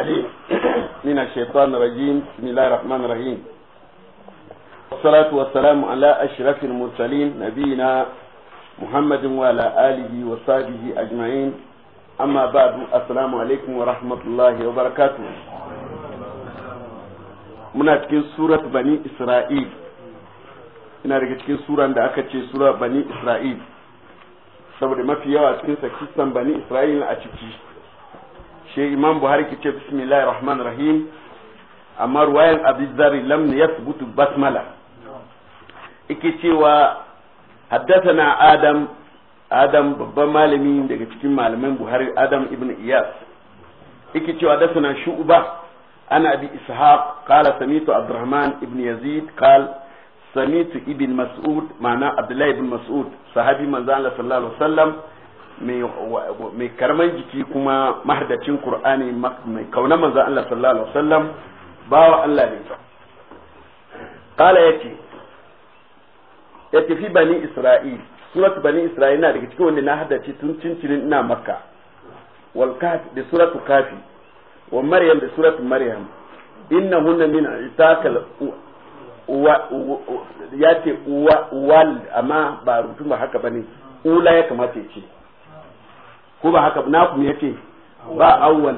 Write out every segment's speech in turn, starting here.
عليم من الشيطان الرجيم بسم الله الرحمن الرحيم والصلاة والسلام على أشرف المرسلين نبينا محمد وعلى آله وصحبه أجمعين أما بعد السلام عليكم ورحمة الله وبركاته من cikin surat bani isra'il ina daga cikin suran da aka ce sura bani isra'il saboda mafi yawa cikin sakistan bani isra'il a ciki shi imam buhari ke ce bismillahir rahmanir rahim amma ruwayan abizari lam yathbutu basmala babban malami daga cikin malaman buhari adam ibn ana abi ishaq qala samitu yazid qala ibn mas'ud ma'ana abdullahi ibn mas'ud sahabi manzo mai karman jiki kuma mahadacin qur'ani mai kauna manzon Allah sallallahu alaihi wasallam bawa Allah ne kala yace ya tafi bani isra'il suratu bani isra'il na daga cikin wanda na hadace tun cincinin ina makka wal kafi da suratu kafi wa maryam da suratu maryam innahunna min itakal ya ce wal amma ba rubutun ba haka bane ula ya kamata ya ce ko ba haka na kuma yace ba awwal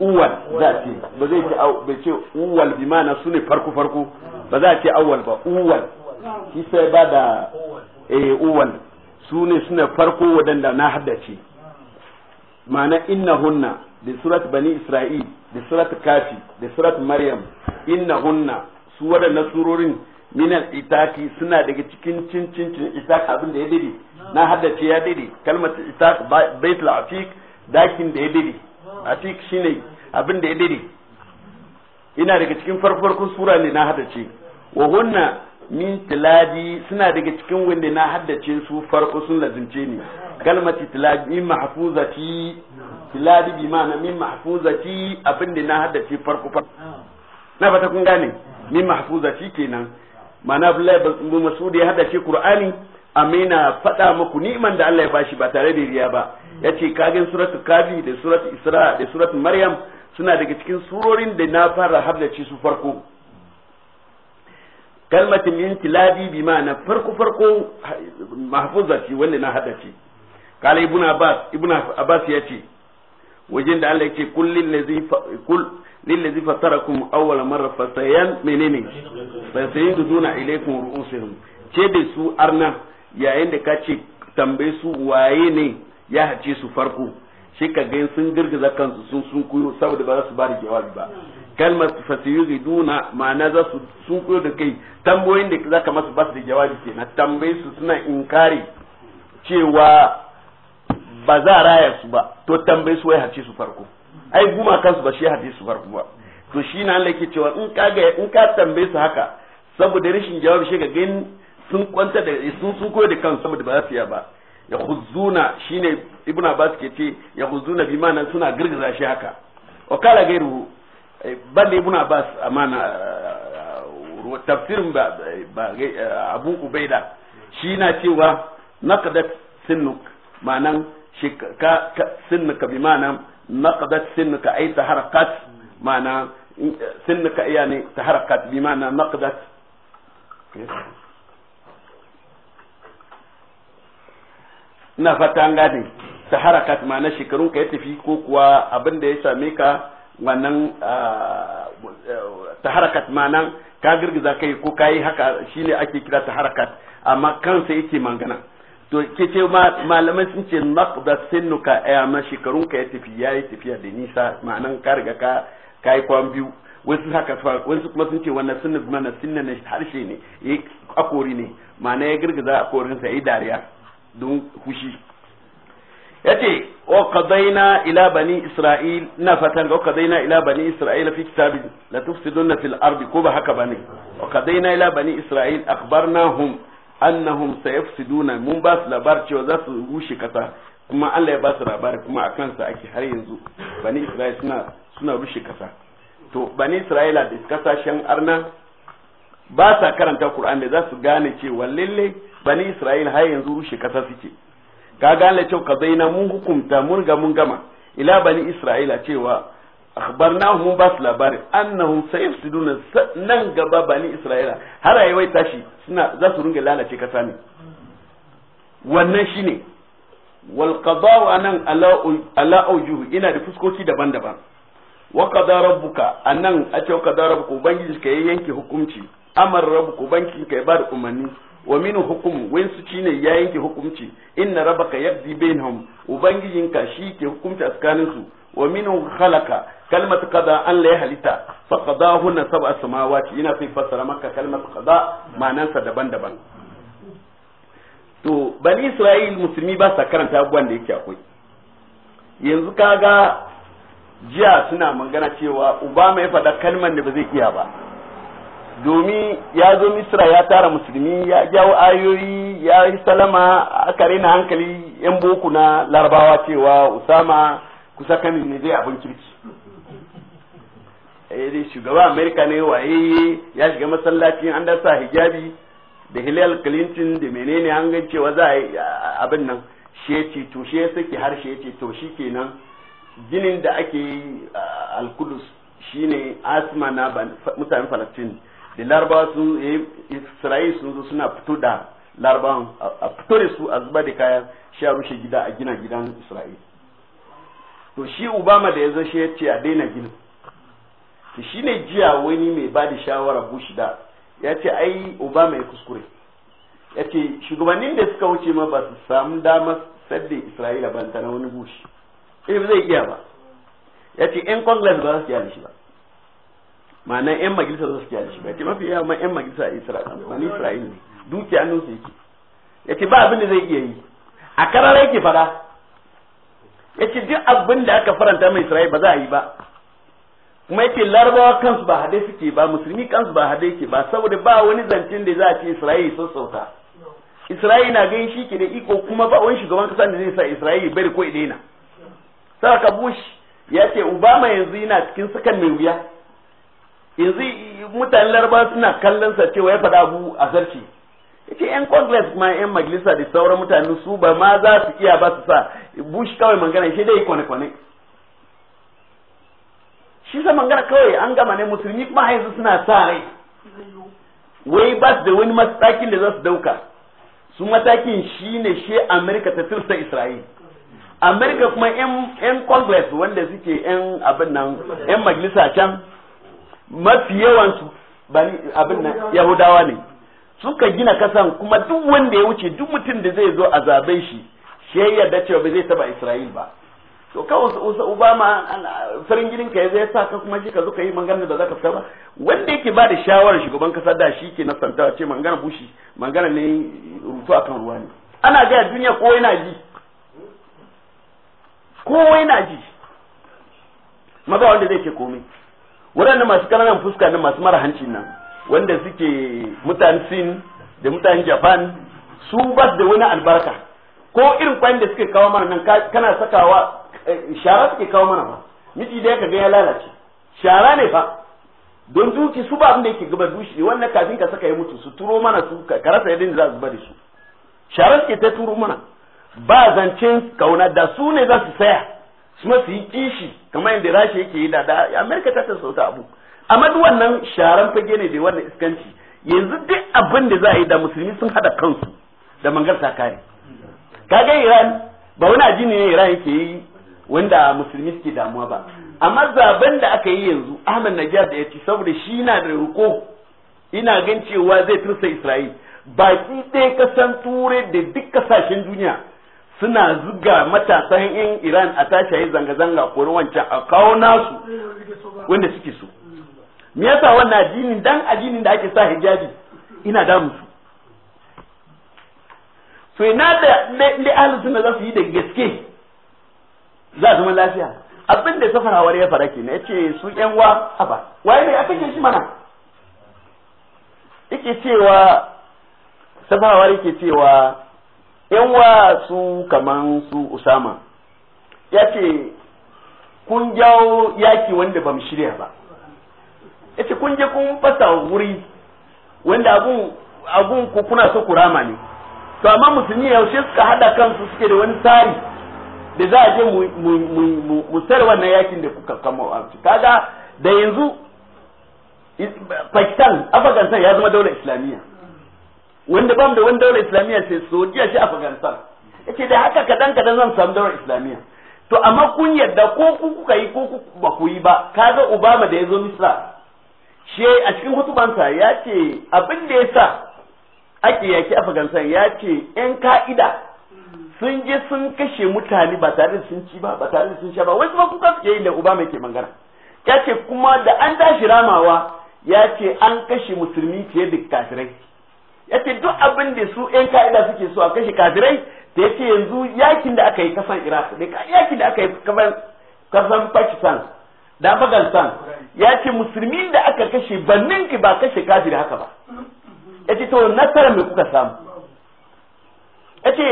uwal za ce ba zai ce bai ce uwal bi mana su ne farko farko ba za ce awwal ba uwal shi sai ba da eh uwal su ne suna farko wadanda na haddace ma'ana hunna da surat bani isra'il da surat kafi da surat maryam hunna su wadannan surorin minal itaki suna daga cikin cin cin cin itak abin da ya dade na haddace ya dade kalmar bait al atik dakin da ya dade atik shine abin da ya dade ina daga cikin farfarkun sura ne na haddace wa hunna min tiladi suna daga cikin wanda na haddace su farko sun lazimce ni kalmati tiladi min mahfuzati tiladi bi ma'ana min mahfuzati abin da na haddace farko farko na fata kun gane min mahfuzati kenan ma'ana Abdullahi bin Mas'ud ya hada shi Qur'ani amina faɗa muku ni'man da Allah ya bashi ba tare da riya ba yace kagin suratul kafi da suratul isra da suratul maryam suna daga cikin surorin da na fara haddace su farko kalmatin intilabi bi ma'ana farko farko mahfuza wanda na hada kala ibnu abbas ibnu abbas yace wajen da Allah yace kullin ladhi kul lillazi fatarakum awwala marra fasayan menene fasayidu duna ilaykum ru'usuhum ce da su arna yayin da kace tambaye su waye ne ya hace su farko shi ka ga girgiza kansu sun sun kuyo saboda ba za su bada jawabi ba kalmar fasiyu duna ma'ana za su sun kuyo da kai tambayoyin da za ka masu basu da jawabi ke na su suna inkari cewa ba za a raya su ba to tambaye su wai hace su farko ai guma kansu ba shi hadisi farko ba to shi na Allah yake cewa in ka ga in ka tambaye su haka saboda rashin jawabi shi ga gani sun kwanta da sun su koyo da kansu saboda ba za su iya ba ya khuzuna shine ibn abbas ke ce ya khuzuna bi ma'ana suna girgiza shi haka wa kala gairu eh, balle ibn abbas amana eh, eh, tafsirin ba abu ubaida shi na cewa naqadat sinnuk ma'anan shi ka sinnuk bi ma'anan naqadat sinnuka ay taharakat ma'ana sinnuka yani taharakat bi ma'ana naqadat ina fata an gane taharakat ma'ana shekarun ka ya tafi ko kuwa abin da ya same ka wannan taharakat ma'ana ka girgiza kai ko ka haka shine ake kira taharakat amma kansa yake mangana to ke ce malamai sun ce naqda ka ya ma shekarun ka ya tafi yi tafiya da nisa ma'anan ka riga ka kai kwan biyu wasu haka wasu kuma sun ce wannan sunna mana sunna ne harshe ne eh akori ne ma'ana ya girgiza akorin sa yi dariya don hushi yace wa qadaina ila bani isra'il na fatan wa qadaina ila bani isra'il fi kitabin la tufsiduna fil ardi ko ba haka bane wa qadaina ila bani isra'il akhbarnahum annahum sayafsiduna mun ba su labar cewa za su rushe kasa kuma Allah ya ba su labar kuma a kansa ake har yanzu bani Isra'ila suna suna rushe kasa to bani Isra'ila da kasashen arna ba sa karanta Qur'an da za su gane cewa lalle bani Isra'ila har yanzu rushe kasa suke ka gane cewa ka zaina mun hukunta mun ga mun gama ila bani Isra'ila cewa akhbarnahum ba su labarin annahum sayfsiduna nan gaba bani isra'ila har ayyai tashi suna za su ringa lalace kasa ne wannan shine wal qada'u anan ala aujuhu ina da fuskoki daban-daban wa qada rabbuka anan a ce qada rabbuka ubangiji ka yanke hukunci amar rabbuka ubangiji ka ba da umarni wa min hukum wain su cine ya yanke hukunci inna rabbaka yaqdi bainhum ubangijinka shi ke hukunci a tsakaninsu wa minhu khalaqa kalmat qada an la yahlita fa qadahunna sab'a samawati ina sai maka kalmat qada ma'anansa daban-daban to bani isra'il musulmi ba sa karanta abubuwan da yake akwai yanzu kaga jiya suna magana cewa uba mai faɗa kalman da ba zai iya ba domin ya zo misra ya tara musulmi ya jawo ayoyi ya yi salama aka raina hankali yan boku na larabawa cewa usama kusa kanin ne zai abin kirki eh dai shugaba america ne waye ya shiga masallaci an da sa hijabi da hillel clinton da menene an ga cewa za abin nan shi ya ce to shi ya har ce to shi kenan ginin da ake yi alkudus shine asma na mutanen falastin da larabawa sun eh, isra'il sun zo suna fito da larabawan a fito da su a zuba da kayan sha rushe gida a gina gidan isra'il to shi obama da ya zo shi ya ce a daina ginin to shi ne jiya wani mai ba da shawara bush da ya ce ai obama ya kuskure ya ce shugabannin da suka wuce ma ba su samu dama sadda isra'ila ban ta na wani bush eh zai iya ba ya ce yan congress ba za su kiyaye shi ba ma'ana yan majalisa za su kiyaye shi ba ya ce mafi yawa ma yan majalisa a isra'ila ne dukiya nan su yake ya ce ba abin da zai iya yi a karar yake fada yace duk abin da aka faranta mai Isra'il ba za a yi ba kuma yace larabawa kansu ba hade suke ba musulmi kansu ba hade yake ba saboda ba wani zancen da za a ce Isra'il sun sauka Isra'il na ganin shi ke da iko kuma ba wani shugaban kasa da zai sa Isra'il bari ko idena saka Bush ya ce Obama yanzu yana cikin sakan mai wuya yanzu mutanen larabawa suna kallon sa cewa ya faɗa abu a zarce yace yan congress kuma yan majalisa da sauran mutane su ba ma za su iya ba su sa bush kawai magana shi dai kwane kwane shi sa magana kawai an gama ne musulmi kuma haizu suna sa rai wai ba su da wani matakin da za su dauka su matakin shine shi america ta tursa isra'il america kuma yan congress wanda suke yan abin nan yan majalisa can mafi yawansu abin nan yahudawa ne suka gina kasan kuma duk wanda ya wuce duk mutum da zai zo a zabe shi shi ya yarda cewa ba zai taba Isra'il ba to kawai Obama farin ginin ka ya sa ka kuma shi ka zo ka yi magana da zaka fita ba wanda yake ba da shawarar shugaban kasa da shi ke na nasantawa ce magana bushi magana ne rutu akan ruwa ne ana ga duniya ko yana ji ko yana ji maza wanda zai ce komai Wadannan masu ƙananan fuska ne masu mara hancin nan wanda suke mutan sin da mutanen japan su ba da wani albarka ko irin kwayan da suke kawo mana nan kana sakawa eh, shara suke kawo mana ba miji da ka ga ya lalace shara ne fa don duki su ba abin da yake gaba dushi ne wannan kafin ka saka ya mutu su turo mana su ka rasa yadda za su bari su shara suke ta turo mana ba zancen kauna da su ne za su saya ma su yi kishi kamar yadda rashi yake yi da da amerika ta ta sauta abu amma wannan sharan fage ne da wannan iskanci yanzu duk abin da za a yi da musulmi sun hada kansu da mangar ta kare kaga iran ba wani addini ne iran yake yi wanda musulmi suke damuwa ba amma zaben da aka yi yanzu ahmad najjar da ya ci saboda shi na da riko ina gan cewa zai tursa isra'il baki ɗaya kasan turai da duk kasashen duniya suna zuga matasan yan iran a tashayi zanga-zanga korin wancan a kawo nasu wanda suke so me yasa wannan addinin dan addinin da ake sa hijabi ina da musu to ina da ne ahlus sunna za su yi da gaske za zama lafiya abin da safar hawar ya fara kenan yace su yan wa haba waye ne aka shi mana yake cewa safar hawar yake cewa yan wa su kaman su usama yace kun jawo yaki wanda bamu shirya ba yace kun je kun fasa wuri wanda abun abun ku kuna so ku rama ne to amma musulmi yaushe suka hada kansu suke da wani tsari da za a je mu tsare wannan yakin da kuka kama a kaga da yanzu Pakistan Afghanistan ya zama daular Islamiyya wanda bam da wani daular Islamiyya sai jiya shi Afghanistan yace da haka kadan kadan zan samu daular Islamiyya to amma kun yadda ko ku kuka yi ko ku ba ku yi ba kaga Obama da ya zo Misra shi a cikin hutubansa ya ce abin da ya sa ake yaki afgansan ya ce 'yan ka'ida sun je sun kashe mutane ba tare da sun ci ba ba tare da sun sha ba wai kuma kuka suke yi da uba mai ke mangara ya ce kuma da an tashi ramawa ya ce an kashe musulmi fiye da kafirai ya ce duk abin da su 'yan ka'ida suke so a kashe kafirai da ya ce yanzu yakin da aka yi kasan iraq da yakin da aka yi kasan pakistan da bagalsan ya ce musulmi da aka kashe bannin ba kashe kafiri haka ba ya ce to nasara mai kuka samu ya ce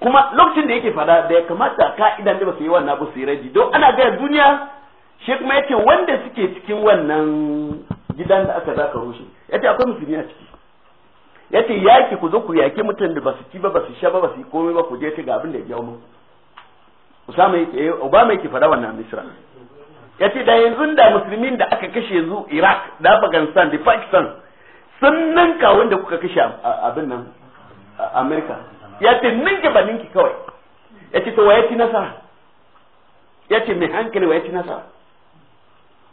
kuma lokacin da yake fada da ya kamata ka idan da ba su yi wannan abu su yi raji don ana gaya duniya shi kuma ya ce wanda suke cikin wannan gidan da aka zaka rushe ya ce akwai musulmi a ciki ya ce yaki ku zo ku yaki mutum da ba su ci ba ba su sha ba ba su komai ba ku je ta ga abin da ya jawo mu Usama yake eh, Obama yake fada wannan Misra ya ce da yanzu da musulmin da aka kashe zu iraq da afghanistan da pakistan sun ninka wanda kuka kashe abin nan america ya ce ninka ba ninki kawai ya ce to waya ci nasara ya ce mai hankali waya ci nasara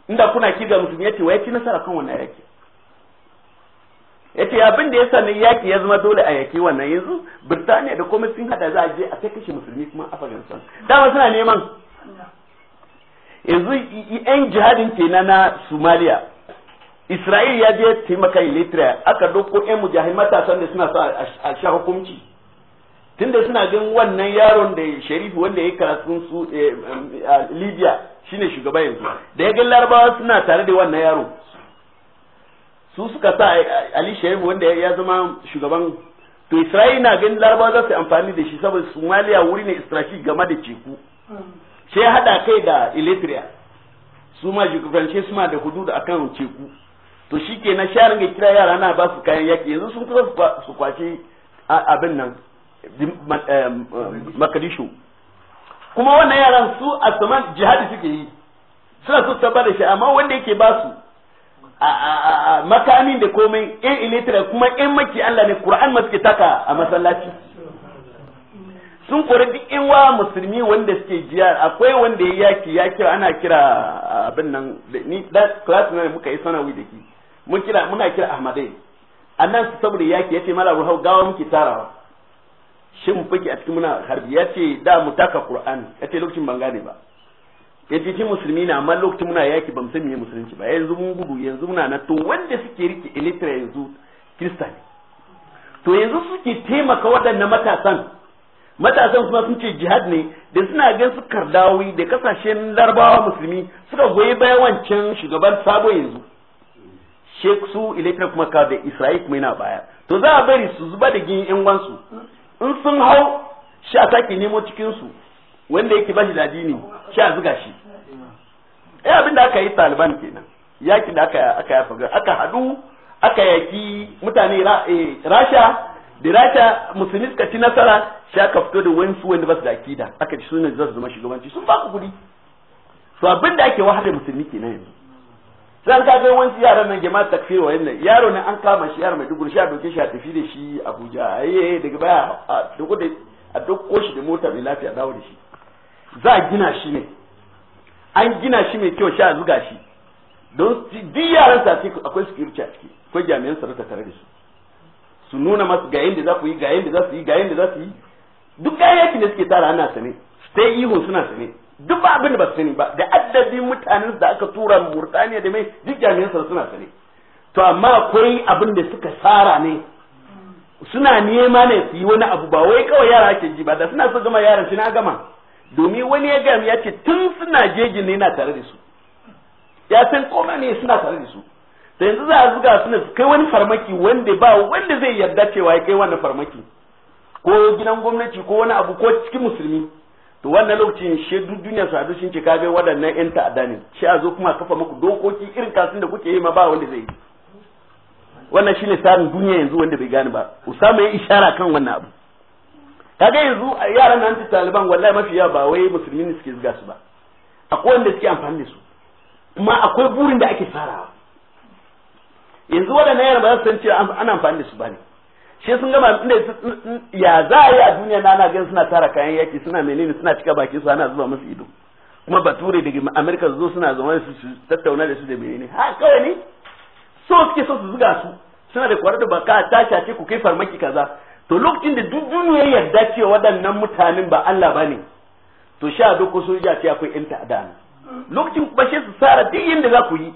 inda kuna kiga musulmi ya ce waya ci nasara kan wannan yaki ya ce abin da ya sami yaki ya zama dole a yaki wannan yanzu birtaniya da komai sun hada za a je a ta kashe musulmi kuma afghanistan dama suna neman yanzu yan jihadin kenan na somalia isra'il ya je taimaka eritrea aka doko yan mujahid matasan da suna sa a sha hukunci tunda suna jin wannan yaron da sharifi wanda ya karatun su eh, eh, libya shine shugaba yanzu da ya gan larabawa suna tare da wannan yaro su suka sa eh, ali sharifu wanda ya zama shugaban to isra'il na gan larabawa za su amfani da shi saboda somalia wuri ne istirashi game da teku hmm. sai hada kai da Eritrea su ma shugabance su ma da a akan teku to shi ke na sha ringa kira yara na ba su kayan yaki yanzu sun kusa su kwace abin nan makadisho kuma wannan yaran su a saman jihadi suke yi suna so tabbar da shi amma wanda yake ba su makamin da komai in ilitira kuma in maki Allah ne Qur'an ma suke taka a masallaci sun kori duk inwa wa musulmi wanda suke jiya akwai wanda ya yaki ya kira ana kira abin nan ni da class ne muka yi sanawi da ki mun kira muna kira ahmadai annan saboda yaki yace mala ruha gawa muke tarawa shin fiki a cikin muna harbi yace da mu taka qur'an yace lokacin ban gane ba yace ki musulmi na amma lokacin muna yaki ba san me musulunci ba yanzu mun gudu yanzu muna na to wanda suke rike elitra yanzu kristani to yanzu suke taimaka waɗannan matasan matasan kuma sun ce jihad ne da suna gan su kardawi da kasashen larabawa musulmi suka goyi bayan wancan shugaban sabo yanzu sheik su elektra kuma ka da isra'il kuma yana baya to za a bari su zuba da gini yan wansu in sun hau shi a sake nemo cikin su wanda yake bashi da dini shi a zuga shi eh abin da aka yi taliban kenan yaki da aka aka yafa aka hadu aka yaki mutane eh, rasha diraka musulmi suka ci nasara shi ka fito da wani da ba su da akida aka ci sunan za su zama shugabanci sun ba kudi to abin da ake wahala musulmi nan yanzu sai ka ga wani yaran nan jama'a takfir wa yannan yaro ne an kama shi yaro mai duguri shi a doke shi a tafi da shi Abuja aye daga baya a duku da a dokko shi da mota mai lafiya dawo da shi za a gina shi ne an gina shi mai kyau sha zuga shi don duk yaran sa akwai security a ciki akwai jami'an tsaro ta tare da su su nuna masu ga yadda za ku yi ga yadda za su yi ga yadda za su yi duk kayayyakin da suke tara ana sane sai ihu suna sane duk ba abin da ba su sani ba da adadin mutanen da aka tura Murtaniya da mai duk jami'an sa suna sane to amma akwai abin da suka tsara ne suna nema ne su yi wani abu ba wai kawai yara ake ji ba da suna so gama yaran na gama domin wani ya gami ya ce tun suna jejin ne na tare da su ya san kona ne suna tare da su to yanzu za a zuga su ne kai wani farmaki wanda ba wanda zai yarda cewa ya kai wani farmaki ko gidan gwamnati ko wani abu ko cikin musulmi to wannan lokacin shi duk duniya su hadu shin ce ka ga waɗannan yan ta'adda ne shi a zo kuma kafa muku dokoki irin kasin da kuke yi ma ba wanda zai yi wannan shine tsarin duniya yanzu wanda bai gane ba usama ya ishara kan wannan abu kaga yanzu yaran nan taliban wallahi mafi yawa ba wai musulmi ne suke zuga su ba akwai wanda suke amfani da su kuma akwai burin da ake farawa yanzu waɗannan yaran ba za su san cewa ana amfani da su ba ne shi sun gama inda ya za a yi a duniya na ana gan suna tara kayan yaki suna menene suna cika baki su ana zuba musu ido kuma bature daga amerika zo suna zama su tattauna da su da menene ha kawai ne so suke so su zuga su suna da kwarar da baka tasha ce ku kai farmaki kaza to lokacin da duk duniya yarda cewa waɗannan mutanen ba Allah bane to sha doko soja ce akwai yan ta'ada lokacin kuma shi su tsara duk yadda za ku yi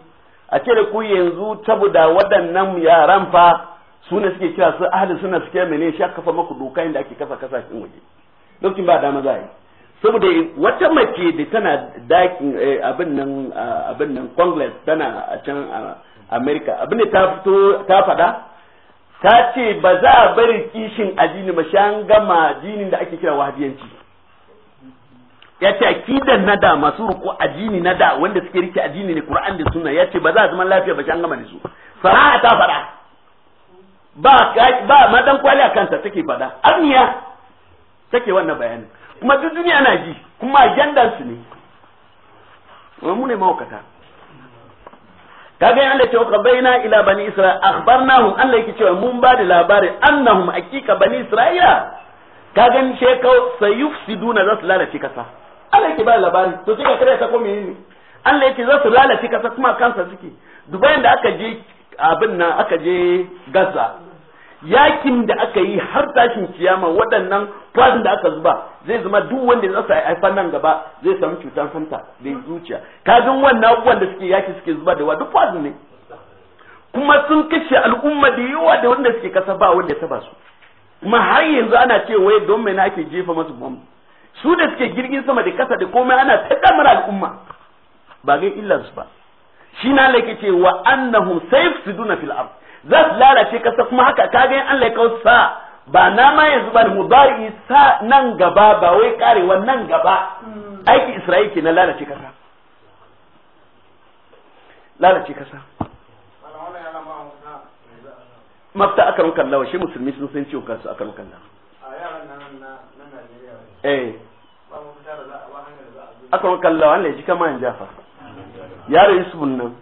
a ce da ku yanzu saboda waɗannan yaran fa su ne suke kira su ahli suna suke mene shi kafa maku doka inda ake kafa kasashen waje lokacin ba dama za a yi saboda wata mace da tana dakin eh, abin nan abin nan congress tana a can america abin da ta fito ta fada ta ce ba za a bari kishin addini ba shi an gama addinin da ake kira wahabiyanci ya ce akidan na da masu ruku addini na da wanda suke rike addini ne Qur'an da sunna ya ce ba za a zama lafiya ba shi an gama da su fara'a ta fara ba ba madan kwali a kanta take fada amiya take wannan bayanin kuma duk duniya na ji kuma ajandan su ne wai mu ne maukata kaga yana da cewa bayna ila bani isra'il akhbarnahum Allah yake cewa mun ba da labari annahum aqiqa bani isra'ila kagan shekau sayufsiduna za su lalace kasa Allah yake ba labari to kika kare ta ko menene Allah yake za su lalace kasa kuma kansa suke Dubai da aka je abin nan aka je Gaza yakin da aka yi har tashin kiyama waɗannan kwadin da aka zuba zai zama duk wanda ya tsasa haifar nan gaba zai samu cutar fanta da zuciya kajin wannan abubuwan da suke yaki suke zuba da duk kwadin ne kuma sun kashe al'umma da yawa da wanda suke kasa ba wanda ya taba su kuma har yanzu ana ce wai don mai na ake jefa masu bomb su da suke jirgin sama da kasa da komai ana ta kamar al'umma ba ga su ba shi na laike ce wa annahum sayfsiduna fil ard za su lalace kasa kuma haka ka Allah ya kawo sa ba na ma yanzu ba mudari sa nan gaba ba wai kare nan gaba hmm. aiki Isra'il ke na lalace kasa lalace kasa mafta akan kallawa shi musulmi sun san ciwo kansu akan kallawa na eh aka wa kalla wannan ji kama yan jafa yaro yusuf nan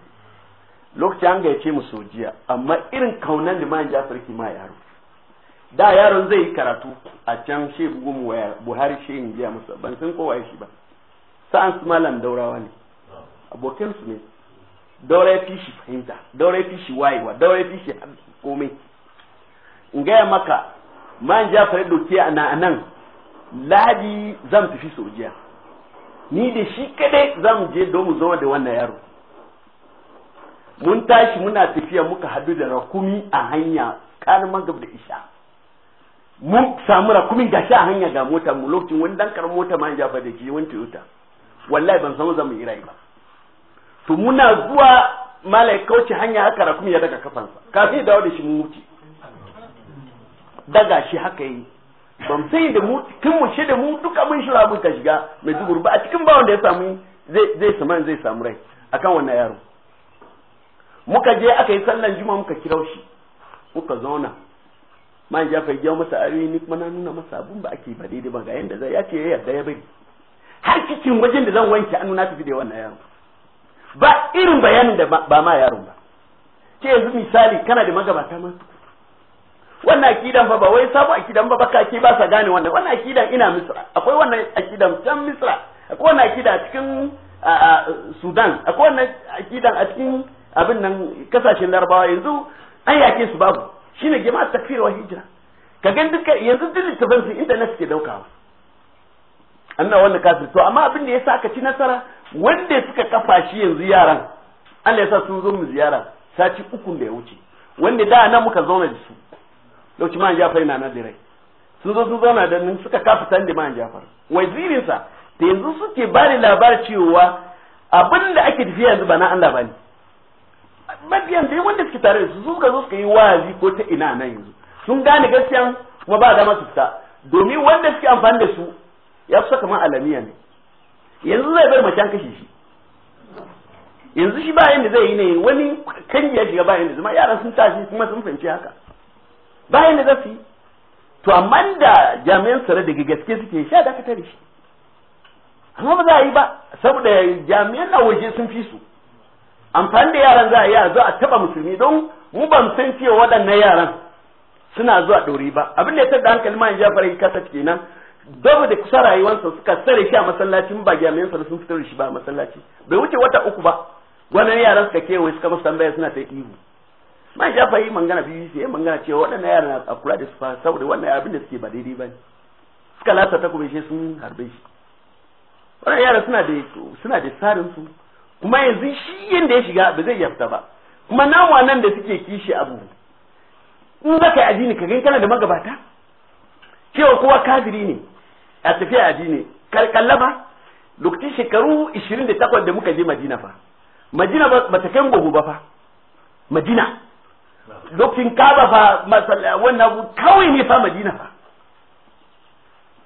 lokaci an gayyace mu jiya amma irin kaunan mayan jafar ki ma yaro da yaron zai yi karatu a can shi bugun buhari shi in biya musu ban san kowa shi ba sa'an su malam daurawa ne abokin su ne daura ya fi shi fahimta daura ya fi shi wayewa daura ya fi shi komai in gaya maka man jafar doke a nan ladi zan tafi sojiya ni da shi kadai zan je don mu zama da wannan yaro mun tashi muna tafiya muka hadu da rakumi a hanya karin magab da isha mun samu rakumin gashi a hanya ga mota mu lokacin wani dan karamin mota ma ya da shi wani toyota wallahi ban samu zamu irai ba to muna zuwa malai kauce hanya haka rakumi ya daga kafansa kafin dawo da shi mun wuce daga shi haka yi ban sai da mu Kin mu shi da mu duka abin shi labun ka shiga mai dubur ba a cikin bawon da ya samu zai zai samu zai samu rai akan wannan yaro muka je aka yi sallan juma muka kirau shi muka zauna man ja fa gyau masa ari ni kuma na nuna masa abun ba ake ba daidai ba ga yanda zai ya ce ya yarda ya bari har cikin wajen da zan wanke an nuna tafi da wannan yaro ba irin bayanin da ba ma yaron ba ce yanzu misali kana da magabata ma wannan akidan fa ba wai sabu akidan ba baka ke ba sa gane wannan wannan akidan ina misra akwai wannan akidan can misra akwai wannan akida a cikin sudan akwai wannan akidan a cikin abin nan kasashen larabawa yanzu an yake su babu shine jama'a takfir wa hijra ka ga duka yanzu duk littafin su internet suke daukawa anna wannan kafir to amma abin da yasa ka ci nasara wanda suka kafa shi yanzu yaran Allah ya sa sun zo mu ziyara sati uku da ya wuce wanda da na muka zauna da su dauki man jafar na nan rai sun zo sun zauna da nan suka kafa tan da man jafar wazirin sa da yanzu suke ba da labar cewa abin da ake tafiya yanzu ba na Allah bane mabiyan dai wanda suke tare da su suka zo suka yi wazi ko ta ina nan yanzu sun gane gaskiya kuma ba da su fita domin wanda suke amfani da su ya fi kaman alamiya ne yanzu zai bar macen kashe shi yanzu shi ba yanda zai yi ne wani kan ya shiga ba yanda zama yaran sun tashi kuma sun fahimci haka bayan da za su yi to amma da jami'an tsaro daga gaske suke sha da tare shi amma ba za a yi ba saboda jami'an na waje sun fi su amfani da yaran za a yi a zo a taba musulmi don mu ban san cewa waɗannan yaran suna zuwa ɗori ba abin da ya tada hankali ma ya fara kasa kenan dabu da kusa rayuwarsa suka tsare shi a masallaci ba jami'an tsaro sun fitar da shi ba a masallaci bai wuce wata uku ba wannan yaran suka kewaye suka masu tambaya suna ta ihu ma fa yi mangana biyu sai mangana cewa waɗannan yaran a kula da su fa saboda wannan abin da suke ba daidai ba ne suka lasa ta kuma shi sun harbe shi wannan yaran suna da suna da tsarin su kuma yanzu shi yanda ya shiga ba zai iya ba kuma wa nan da suke kishi abu in za ka yi addini ka gani kana da magabata cewa kowa kafiri ne a tafiya addini kalla ba lokacin shekaru 28 da muka je madina fa madina ba ta kai ba fa madina lokacin kaba fa masallaci wannan kawai ne fa madina fa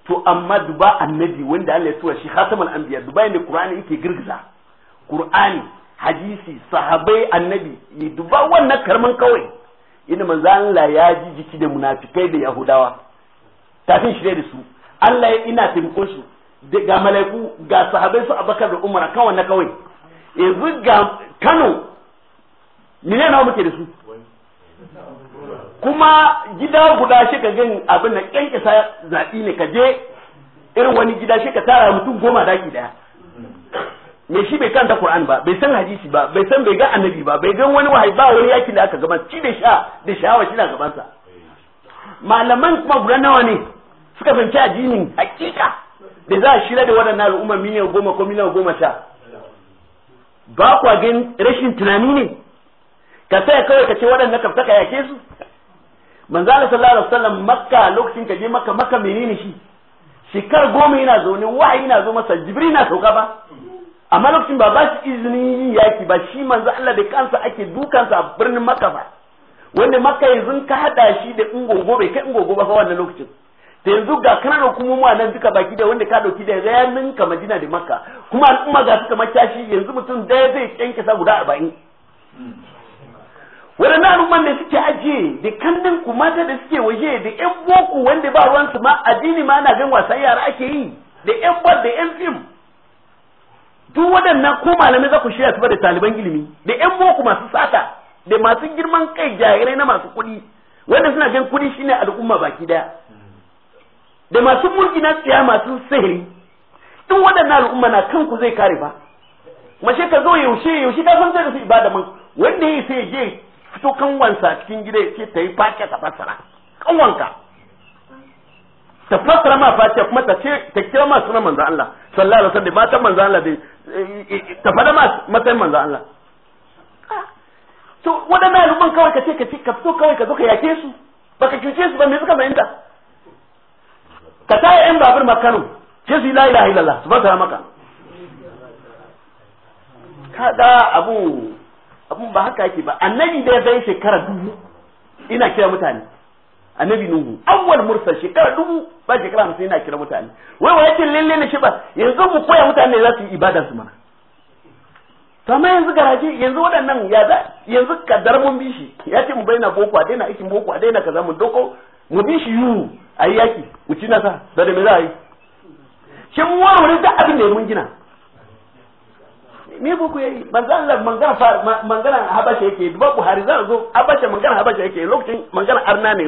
to amma duba annabi wanda Allah ya tura shi khatamul anbiya duba ne qur'ani yake girgiza qur'ani hadisi sahabai annabi ne duba wannan karman kawai inda manzo Allah ya ji jiki da munafikai da yahudawa kafin shi da su Allah ya ina taimakon su ga malaiku ga sahabai su abakar da umar kawai na kawai yanzu ga Kano ne nawa muke da su kuma gida guda shi ka gani abin da kyankisa zaɓi ne ka je irin wani gida shi ka tara mutum goma daki daya me shi bai kanta Qur'an ba bai san hadisi ba bai san bai ga annabi ba bai ga wani wahayi ba wani yakin da aka gaban ci da sha da sha'awa shi na gaban sa malaman kuma guda nawa ne suka fahimci addinin hakika da za a shirya da waɗannan al'umma miliyan goma ko miliyan goma sha ba kwa ganin rashin tunani ne ka sai kawai ka ce waɗanda ka saka yake su manzo Allah sallallahu alaihi wasallam makka lokacin ka je makka makka menene shi shekar goma yana ne, wahayi yana zo masa jibril na sauka ba amma lokacin ba ba shi izinin yin yaki ba shi manzo Allah da kansa ake dukansa a birnin makka ba wanda makka yanzu ka hada shi da ungogo bai kai ungogo ba fa wannan lokacin da yanzu ga kuma mu nan duka baki da wanda ka dauki da ya ninka madina da makka kuma al'umma ga suka shi yanzu mutum daya zai sa guda arba'in waɗannan al'umman da suke ajiye da kandin ku mata da suke waje da yan boko wanda ba su ma addini ma na gan wasan yara ake yi da yan bal da yan fim duk waɗannan ko malamai za ku shirya su ba da taliban ilimi da yan boko masu sata da masu girman kai jahirai na masu kuɗi wanda suna gan kuɗi shine al'umma baki daya da masu mulki na tsiya masu sihiri duk waɗannan al'umma na kanku zai kare ba mace ka zo yaushe yaushe ka san zai su ibada man wanda ya sai ya je fito kanwansa a cikin gida ya ce ta yi fashe ta fassara kanwanka ta fassara ma fashe kuma ta ce ta kira ma sunan manzo Allah sallallahu alaihi wasallam matan manzo Allah dai eh, eh, ta fada ma matan manzo Allah ah. to wadannan al'umman kawai ka ce ka ce ka fito kawai ka zo ka yake su baka cuce su ba me suka fahimta ka taya yan babur makano ce su la ilaha illallah su ba maka kada abu abun ba haka yake ba annabi da ya bai shekara dubu ina kira mutane annabi nuhu awwal mursal shekara dubu ba shekara hamsin ina kira mutane wai wai yake lalle ne shi ba yanzu mu koya mutane za su yi ibada su mana amma yanzu garaje yanzu waɗannan ya za yanzu kaddar mun bi shi ya ce mu bayyana boko a daina aikin boko a daina kaza mu doko mu bi shi yu a yi yaki mu ci nasa da da me za a yi shin warware da abin da mun gina me boko yayi manzo Allah mangana mangana habasha yake duba Buhari zan zo habasha mangana habasha yake lokacin magana arna ne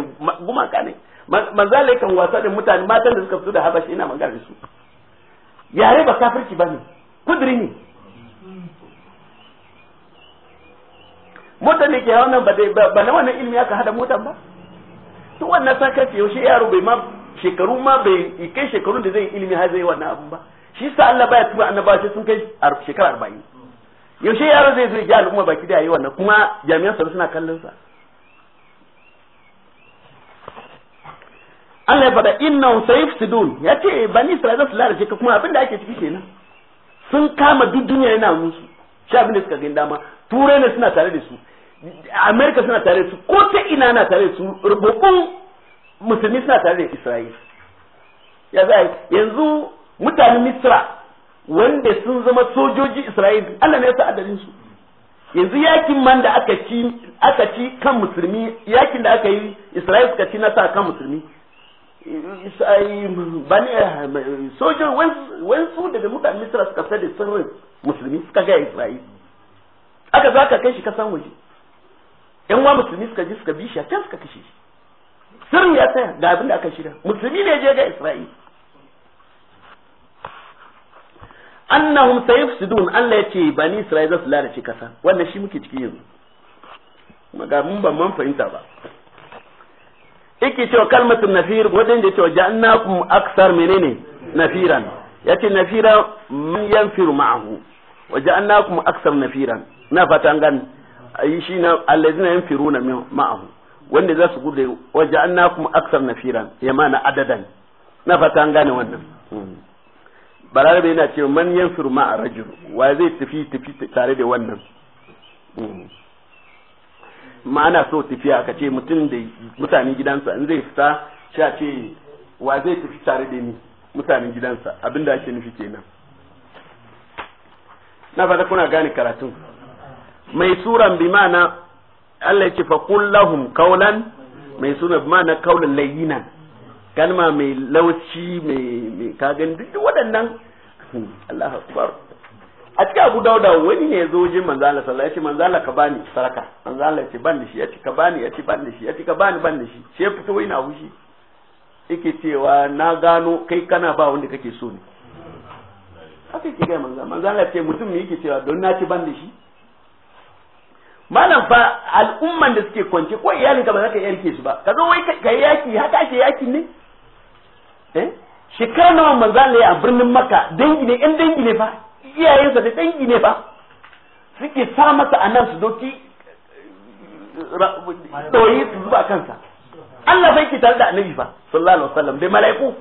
gumaka ne manzo Allah kan wasa da mutane matan da suka fito da habasha ina mangana da su yare ba kafirci bane kudiri ne mota ne ke hawan nan ba na wannan ilimi aka hada motan ba to wannan sakarci yaushe yaro bai ma shekaru ma bai kai shekarun da zai ilimi har zai wannan abun ba shi sa Allah baya tuba annabawa sun kai shekara arba'in yaushe yaro zai zo ya al'umma baki da yi wannan kuma jami'an tsaro suna kallon sa Allah ya faɗa inna sayf sidun ya ce bani Isra'ila su lalace ka kuma abinda da ake ciki kenan sun kama duk duniya yana musu shi abinda da suka gani dama turai ne suna tare da su Amerika suna tare da su ko ta ina na tare da su rubukun musulmi suna tare da Isra'ila ya yanzu mutanen misra wanda sun zama sojoji isra'ila allah ne ya sa adadin su yanzu yakin man da aka ci aka ci kan musulmi yakin da aka yi isra'ila suka ci nasa kan musulmi sojan wansu daga mutanen misra suka fitar da sirrin musulmi suka gaya isra'ila aka za ka kai shi kasan waje yan wa musulmi suka ji suka bi shi a can suka kashe shi sirrin ya tsaya ga abin da aka shirya musulmi ne je ga isra'ila annahum sayfsidun Allah yace bani Isra'ila za su lalace kasa wannan shi muke ciki yanzu ga mun ban man fahimta ba yake cewa kalmatun nafir wajen da cewa ja'annakum aksar menene nafiran yace nafira man yanfiru ma'ahu wa ja'annakum aksar nafiran na fata an gani shi na allazina yanfiruna ma'ahu wanda za su gude wa ja'annakum aksar nafiran ya mana adadan na fata an gane wannan hmm. balarabe yana cewa man yansur ma a rajul wa zai tafi tafi tare da wannan hmm. ma'ana so tafiya ka ce mutum da mutanen gidansa in zai fita shi a ce wa zai tafi tare da ni mutanen gidansa abinda ake nufi kenan na fata kuna gane karatun mai suran bi ma'ana Allah yake fa kullahum qawlan mai suna bi ma'ana qawlan layyinan kalma mai lauci mai kagan duk waɗannan ku Allah akbar a cikin abu dauda wani ne ya zo wajen manzala sallah ya ce manzala ka bani saraka manzala ya ce ban da shi ya ce ka bani ya ce ban da shi ya ce ka bani ban da shi shi ya fito ina hushi yake cewa na gano kai kana ba wanda kake so ne haka yake gaya manzala manzala ya ce mutum ne yake cewa don na ci ban da shi malam fa al'umman da suke kwance ko iyalin ka ba za ka yarke su ba ka zo wai ka yaki haka ake yakin ne eh shekara nawa manzo Allah ya a birnin maka dangi ne ɗan dangi ne fa iyayensa da dangi ne fa suke sa masa a nan su doki ɗoyi su zuba kansa Allah bai ke tare da annabi fa sallallahu alaihi wasallam bai mala'iku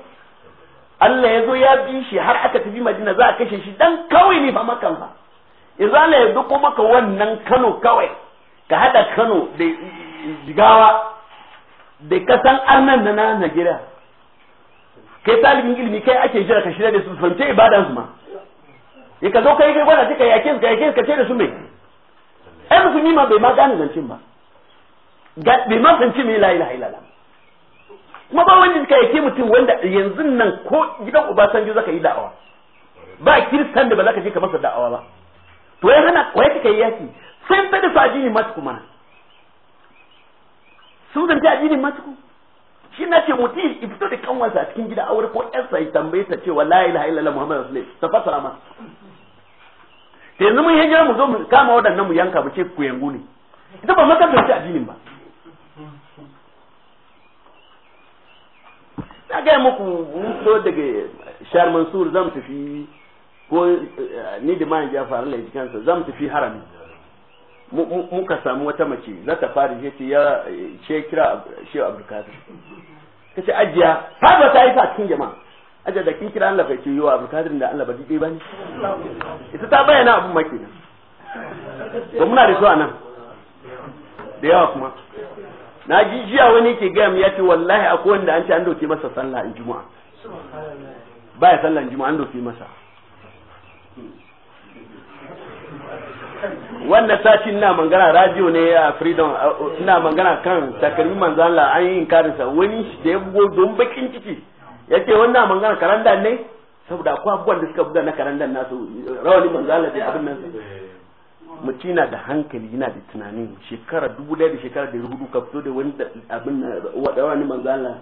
Allah ya zo ya bi shi har aka tafi Madina za a kashe shi dan kawai ne fa makan fa za Allah ya ko maka wannan Kano kawai ka hada Kano da Jigawa da kasan arnan da na Najeriya kai talibin ilimi kai ake jira ka shirya da su fahimce ibadan su ma ya ka zo kai kai gwada ka yake su ka yake su ka ce da su mai ai musulmi ma bai ma gane zancin ba bai ma fahimci mai la ilaha illallah kuma ba wani ka yake mutum wanda yanzu nan ko gidan uba ji zaka yi da'awa ba kiristan da ba zaka je ka masa da'awa ba to ya hana wai kika yi yaki sai ta da su addini masu kuma sun zance ajini masu kuma shi na ce mutum ya fito da kanwansa a cikin gida aure ko ƴarsa ya tambaye ta cewa la ilaha illallah muhammadu rasulullah ta fasara masa ta yanzu mun hijira mu zo mu kama waɗannan mu yanka mu ce ku yangu ne ita ba makarta ce addinin ba na gaya muku mun so daga shar mansur zan tafi ko eh, ni da man jafar Allah ya kansa zan tafi harami muka samu wata mace za ta fara ce ce ya ce kira shi abdulkadir ta ce ajiya har ba ta yi ta cikin jama'a ajiya da kin kira Allah bai ce wa abdulkadir da Allah ba dai ba ne ita ta bayyana abu maki na ba muna da su a nan da yawa kuma na ji wani ke gaya ya ce wallahi akwai wanda an ce an doke masa sallah in juma'a baya sallah in juma'a an doke masa wannan sati ina mangana radio ne a freedom ina mangana kan takarmi manzan la an yi sa wani da ya bugo don bakin ciki yake wannan mangana karanda ne saboda akwai abubuwan da suka buga na karandan nasu rawani manzan la da abin nan mutuna da hankali yana da tunanin shekara dubu daya da shekara da rubutu ka fito da wani abin rawani manzan la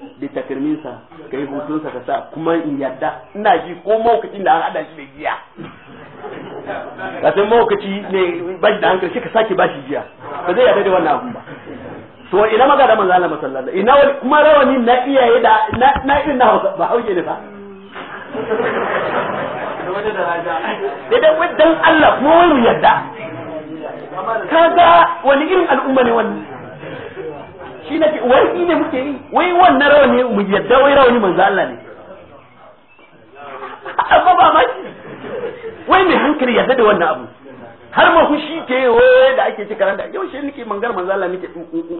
da takarminsa ka yi hotonsa ka sa kuma in yadda ina ji ko maukacin da an hada shi da giya san maukaci ne bai da hankali shi ka sake ba shi giya ba zai yadda da wannan abun ba to ina maga da manzo Allah sallallahu ina wani kuma rawani na iyaye da na irin na Hausa ba hauke ne fa idan wadan Allah kuma yadda. yarda kaga wani irin al'umma ne wannan shi na ce wai ne muke yi wai wannan rawani mu yadda wai rawani manzo Allah ne amma ba ma shi wai ne hankali yadda da wannan abu har ma shi ke wai da ake ci karanda yau shi nake mangar manzo Allah nake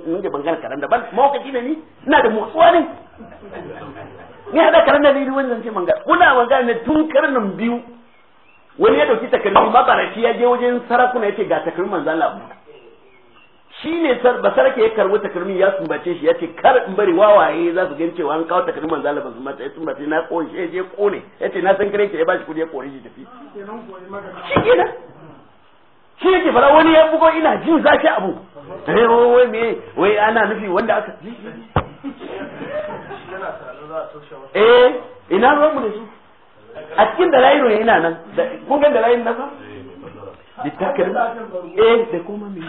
nake bangar karanda ban mawkaci ne ni ina da motsuwa ne ni hada karanda ne wannan ce mangar kuna mangar ne tun karnin biyu wani ya dauki takalmi mabarashi ya je wajen sarakuna yace ga takalmin manzo Allah shi ne ba sarki ya karbi takalmin ya sumbace shi ya ce kar in bari wawaye za su gan cewa an kawo takalmin manzo Allah ba su mata ya sumbace na kone shi je kone ya ce na san kare ke ya bashi kudi ya kore shi tafi shi nan shi yake fara wani ya bugo ina jin zafi abu eh wai me wai ana nufi wanda aka eh ina ruwan mu da su a cikin da layin ina nan kun gan da layin nasa da takarda eh da kuma me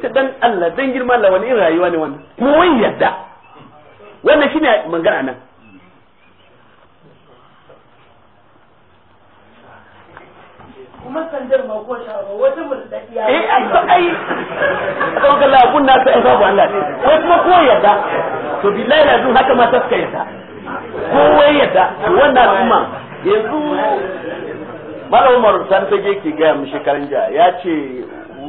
ta dan Allah dan girman Allah wani rayuwa ne wannan mu wai yadda wannan shine magana nan kuma sandar ma ko shawo wata murdaɗiya eh ai to ai don ga labun nasu ai babu Allah ne wai kuma ko yadda to billahi lazim haka ma ta suka yadda ko wai yadda wannan al'umma yanzu malam umaru san je ke gaya mu shekaran jiya ya ce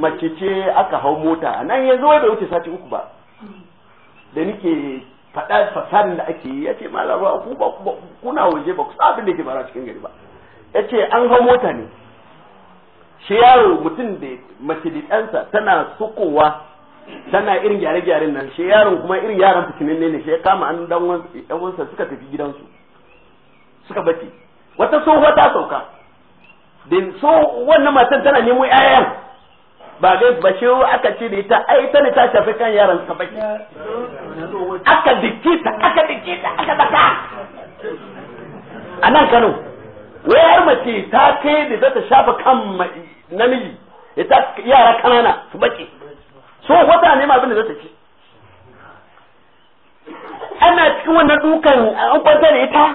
mace ce aka hau mota nan yanzu wai bai wuce sati uku ba da nike faɗa fasarin da ake yi ya ce malam ruwa ku ba kuna waje ba ku sa abin da ke fara cikin gari ba ya ce an hau mota ne shi yaro mutum da mace da ɗansa tana sukowa tana irin gyare-gyaren nan shi yaron kuma irin yaran fitinin ne shi ya kama an dan wansa suka tafi gidansu suka bace wata tsohuwa ta sauka din so wannan matan tana nemo yayan ba ba bashi aka ce da ita ai ta ne ta shafi kan yaran ka bai aka dikita aka dikita aka daka a nan Kano wayar mace ta kai da za ta shafa kan namiji ita yara kanana su baki so wata ne ma abin da za ta ci ana cikin wannan dukan an kwanta da ita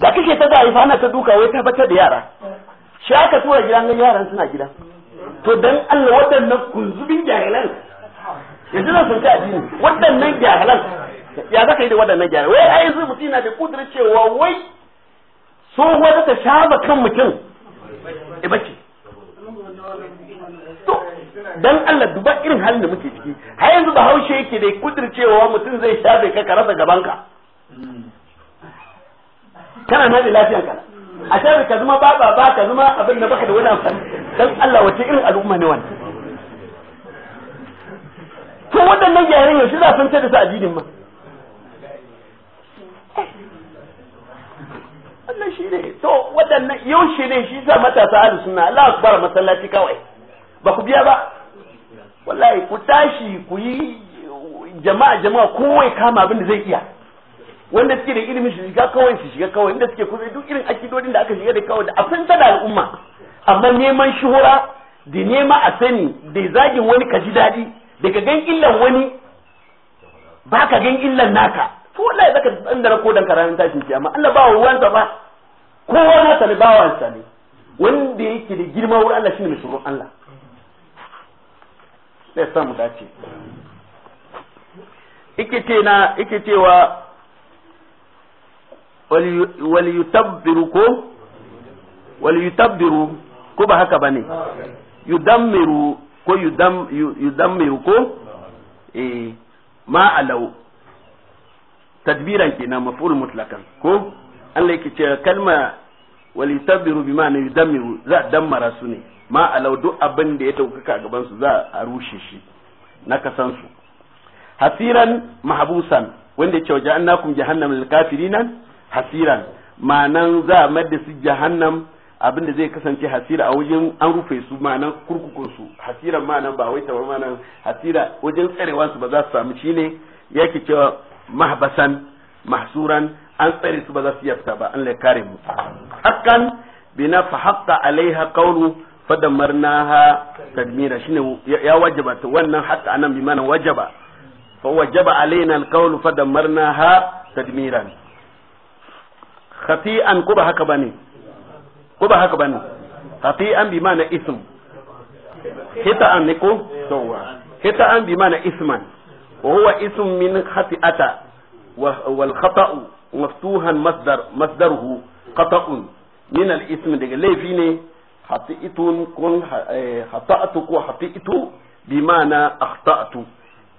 ga kashe ta da ana ta duka wai tabbatar da yara shi aka tura gidan nan yaran suna gida to dan Allah waɗannan kunzubin jahilan yanzu zan sun kaji waɗannan jahilan ya zaka yi da waɗannan jahilan wai ai yanzu mutum na da kudurin cewa wai tsohuwa ta shaba kan mutum e eh, bace to dan Allah duba irin halin da muke ciki har yanzu bahaushe yake da kudur cewa mutum zai shafe ka ka rasa ka. kana na da lafiyan ka a sai ka zama ba ba ka zama abin da baka da wani amfani dan Allah wace irin al'umma ne wannan to waɗannan yaren shi za sun da su addinin ma wannan shi ne to waɗannan yaushe ne shi za matasa ahlus sunna Allah akbar masallaci kawai ba ku biya ba wallahi ku tashi ku yi jama'a jama'a kowai kama abin da zai iya wanda suke da ilimin su shiga kawai su shiga kawai inda suke kuma duk irin akidodin da aka shiga da kawai da a ta da al'umma amma neman shuhura da nema a sani da zagin wani ka ji daɗi daga gan illan wani ba ka gan illan naka to wallahi zaka tsandara ko dan karanin tashin kiyama Allah ba ruwansa ba kowa na sani ba wa sani wanda yake da girma wurin Allah shine mai Allah sai samu dace ike ce na ike cewa waliyutabbiru ko waliyutabbiru ko ba haka bane yudammiru ko yudammiru ko ma'alau eh, ma alau tadbiran kenan maf'ul mutlakan ko Allah yake ce kalma waliyutabbiru bi ma'ana yudammiru za dammara su ne ma duk abin da ya taukaka gaban su za a rushe shi na kasan su hasiran mahabusan wanda cewa ja'annakum jahannam lil kafirina hasiran ma'anan za a mayar da su jahannam abinda zai kasance hasira a wajen an rufe su ma'anan kurkukun su hasira ma'anan ba wai ta ma'anan hasira wajen tsarewa su ba za su samu shi ne yake cewa mahbasan mahsuran an tsare su ba za su yafta ba an kare mu hakan bina fa haqqa alaiha qawlu fadamarnaha tadmira shine ya wajaba wannan haqqa anan bi mana wajaba fa wajaba alaina alqawlu fadamarnaha tadmiran khati'an ko ba haka bane ko ba haka bane khati'an bi ma'ana ism hita'an ne ko sawwa hita'an bi ma'ana isman wa huwa ism min khati'ata wal khata'u maftuhan masdar masdaruhu qata'un min al ism daga laifi ne khati'tun kun khata'tu ko khati'tu bi ma'ana akhta'tu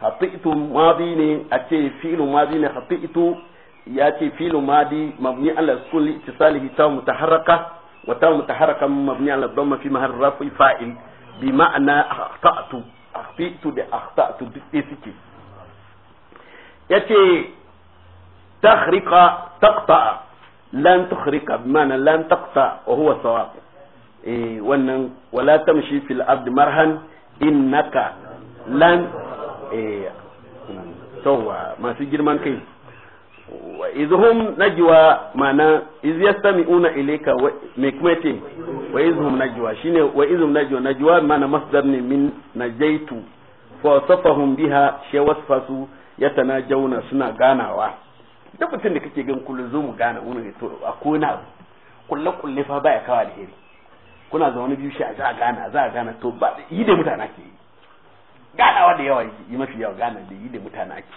khati'tu madi ne a ce fi'lu madi ne khati'tu ya ce filin madi mabni ala sul itisalihi ta mutaharraka wa ta mutaharraka mabni ala dhamma fi mahall rafi fa'il bi ma'ana akhta'tu akhtitu da akhta'tu bi dai suke yace takhriqa taqta lan tukhriqa bi ma'ana lan taqta wa huwa sawab eh wannan wala tamshi fil ardi marhan innaka lan eh to masu girman kai izhum najwa mana iz yastami'una ilayka me kuma yace wa izhum najwa shine wa izhum najwa najwa mana masdar ne min najaitu fa wasafahum biha shi wasfasu yatanajawna suna ganawa duk mutum da kake gan kullu zo mu gana wani ne to a kona kullu kullu fa baya kawo alheri kuna zaune biyu shi a za a gana za a gana to ba yi da mutane ke yi ganawa da yawa yi mafi yawa gana da yi da mutane ake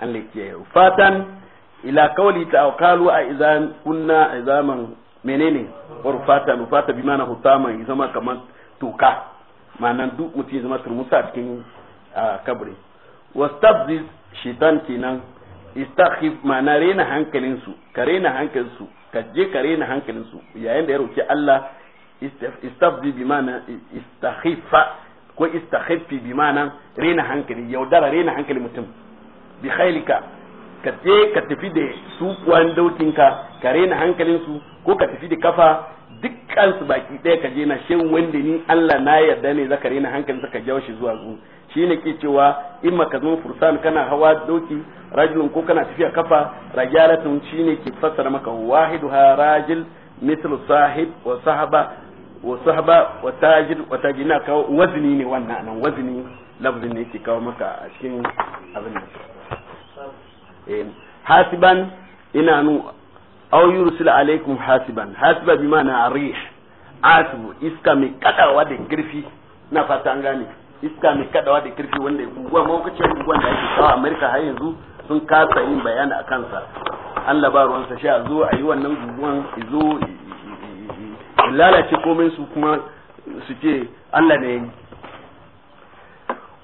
Allah ya fatan ila kauli ta qalu a idan kunna izaman menene urfata fata bi mana hutama zama kaman tuka ma'anan duk mutum ya zama turmusa a cikin kabri wastabziz shaitan kenan istakhif ma'ana rena hankalin hankalinsu ka rena su ka je ka rena su yayin da ya roki Allah istafzi bi mana istakhifa ko istakhifi bi mana rena hankali yaudara rena hankali mutum bi khailika ka je ka tafi da su kuwan ka rena hankalinsu ko ka tafi da kafa dukkansu baki ɗaya ka je na shin wanda ni Allah na yarda ne zaka rena hankalinsa ka jawo shi zuwa zu shi ne ke cewa in ka zo fursan kana hawa doki rajulun ko kana tafiya kafa rajalatun shi ne ke fassara maka ha rajul mithlu sahib wa sahaba wa sahaba wa tajir wa tajina kawo wazini ne wannan nan wazini lafzin ne ke kawo maka a cikin abin da Eh, hasiban ina nu aw yursil alaikum hasiban hasiba bi ma'ana arih asibu iska mai kadawa da girfi na fata an gane iska mai kadawa da girfi wanda ya guguwa mawukacin guguwa da ake kawo amerika har yanzu sun kasa yin bayani a kansa an ba sa sha zo a yi wannan guguwan zo lalace komai su kuma su ce allah ne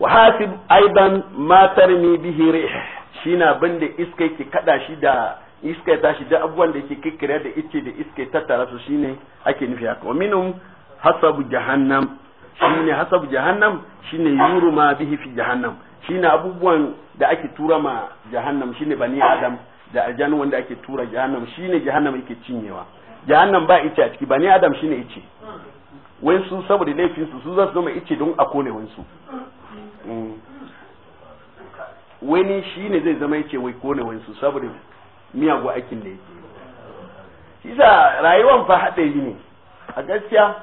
wa hasib aidan ma tarmi bihi rih shi na abin da iska yake kada shi da iska ya tashi da abubuwan da yake kikkira da ice da iska ya tattara su shine ake nufi haka minum hasabu jahannam shine hasabu jahannam shine yuru ma bihi fi jahannam shine abubuwan da ake tura ma jahannam shine bani adam da aljanu wanda ake tura jahannam shine jahannam yake cinyewa jahannam ba ice a ciki bani adam shine ice wai su saboda laifin su su za su zama ice don a kone wansu mm. wani shi ne zai zama yace wai kone wani su saboda miyagu aikin da yake shi sa rayuwan fa yi ne a gaskiya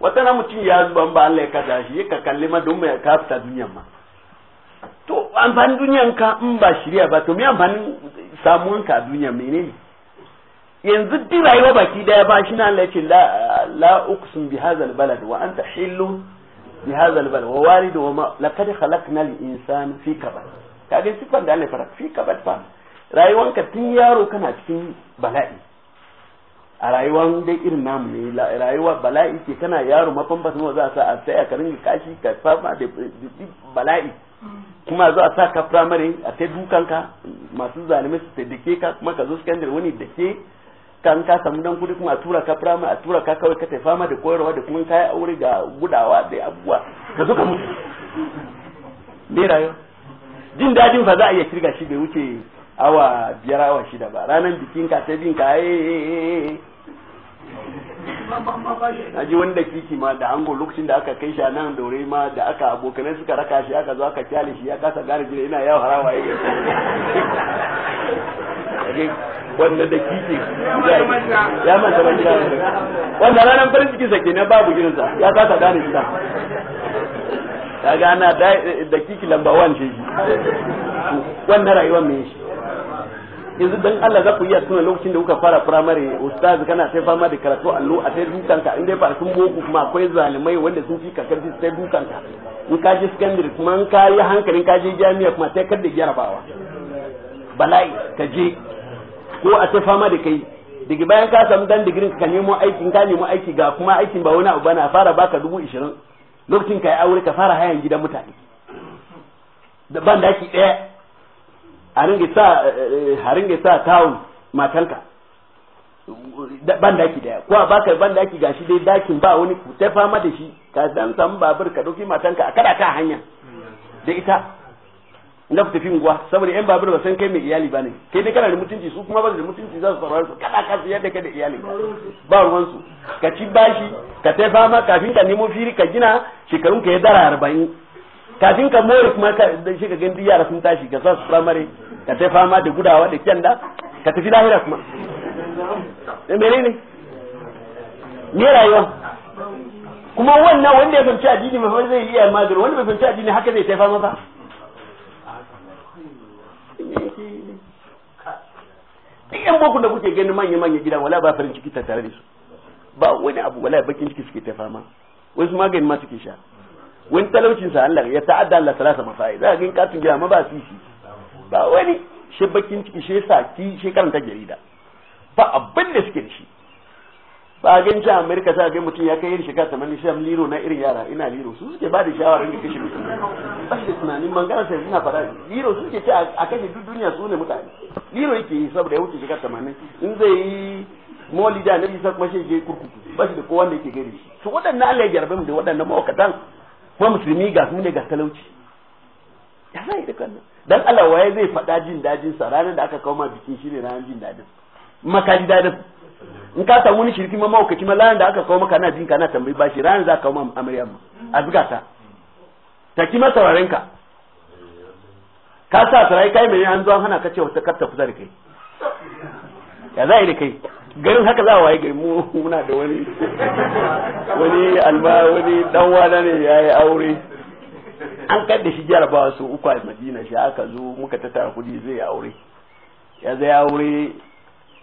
wata na mutum ya zuba ba Allah ya kada shi ka kalli ma don mai kafta duniyan ma to amfanin duniyan ka in ba shirya ba to me amfanin samuwan ka duniya ne yanzu duk rayuwa baki daya ba shi na Allah ya ce la la uqsim bi hadzal balad wa anta hillu bi hadzal balad wa walidu wa ma laqad khalaqnal insana fi kabad kage sifan da Allah fara fi kabat fa rayuwanka tun yaro kana cikin bala'i a rayuwan dai irin namu ne rayuwa bala'i ce kana yaro mafambatan wa za a sa a tsaya ka ringa kashi ka fama da bala'i kuma zo a sa ka primary a ta dukanka masu zalimai su dake ka kuma ka zo secondary wani ke kan ka samu dan kudi kuma a tura ka primary a tura ka kawai ka ta fama da koyarwa da kuma kai aure ga gudawa da abubuwa ka zo ka mutu ne rayuwa jin dadin fa za a iya kirga shi bai wuce awa biyar awa shida ba ranar bikin ka sai bin ka eh, eh, eh, na ji wanda kiki ma da ango lokacin da aka kai shi a nan dore ma da aka abokanai suka raka shi aka zo aka kyale shi ya kasa gane jira ina yawo harawa ya wanda da kiki ya manta wanda ranar farin cikin sa kenan babu sa ya kasa gane gida kaga ana da kiki lamba wan shi wannan rayuwar me shi yanzu dan Allah za ku iya tuna lokacin da kuka fara primary ustaz kana sai fama da karatu allo a sai dukan ka inda ba sun boku kuma akwai zalimai wanda sun fi kakar su sai dukan ka in ka je secondary kuma in ka yi hankalin ka je jami'a kuma sai kar da gyarabawa bala'i ka je ko a sai fama da kai daga bayan ka samu dan digirin ka nemo aiki ka nemo aiki ga kuma aikin ba wani abu bana fara baka dubu ishirin lokacin ka yi aure ka fara hayan gidan mutane da ban daki ɗaya a ringa sa eh, a matanka ban daki ɗaya ko a baka ban daki gashi dai dakin ba wani ku ta fama da shi ka dan samu babur ka ɗauki matanka a kada ka hanya da ita da ku tafi unguwa saboda yan babur ba san kai mai iyali bane kai dai kana da mutunci su kuma ba da mutunci za su saurare su kada ka su yadda ka da iyali ba ruwan su ka ci bashi ka tai fama kafin ka nemo firi ka gina shekarun ka ya dara arba'in kafin ka more kuma ka dan shi ka duk yara sun tashi ka sa su primary ka tai fama da gudawa da kyanda ka tafi lahira kuma eh, menene ne rayuwa kuma wannan wanda ya fahimci addini mafi zai iya magana wanda bai fahimci addini haka zai tai fama ba duk yan boko da kuke ganin manya manya gidan wala ba farin ciki tare da su ba wani abu wala bakin ciki suke ta fama wasu magani ma suke sha wani talaucin sa Allah ya ta'adda Allah salasa mafai za ka gani katin gida ma ba sisi ba wani shi bakin ciki shi sa ki shi karanta jarida ba abin da suke da shi ba ga yanci amerika za ga mutum ya kai yin shekara tamanin sham liro na irin yara ina liro su suke ba da shawara da kashe mutum ba shi tunanin mangana sai suna fara liro su suke ce a kashe duk duniya su ne mutane liro yake yi saboda ya wuce shekara tamanin in zai yi mawali da annabi sa kuma shi je kurkuku ba shi da kowa da yake gari su waɗannan Allah ya jarabe mu da waɗannan mawakatan kuma musulmi ga su ne ga talauci ya zai da kanna dan Allah waye zai faɗa jin dajin sa ranar da aka kawo ma bikin shi ne ranar jin dadin makali dadin in ka samu wani shirki ma maukaci ma ranar da aka kawo maka na jinka ka na tambayi bashi ranar za ka kawo ma amarya ma a zuga ta taki ma sauraren ka ka sa sarai kai mai an zo an hana ka ce wata karta kusa da kai ya za a yi da kai garin haka za a waye gari mu muna da wani wani alma wani dan wada ne ya yi aure an kai da shi jarabawa su uku a madina shi aka zo muka tattara kudi zai aure ya zai aure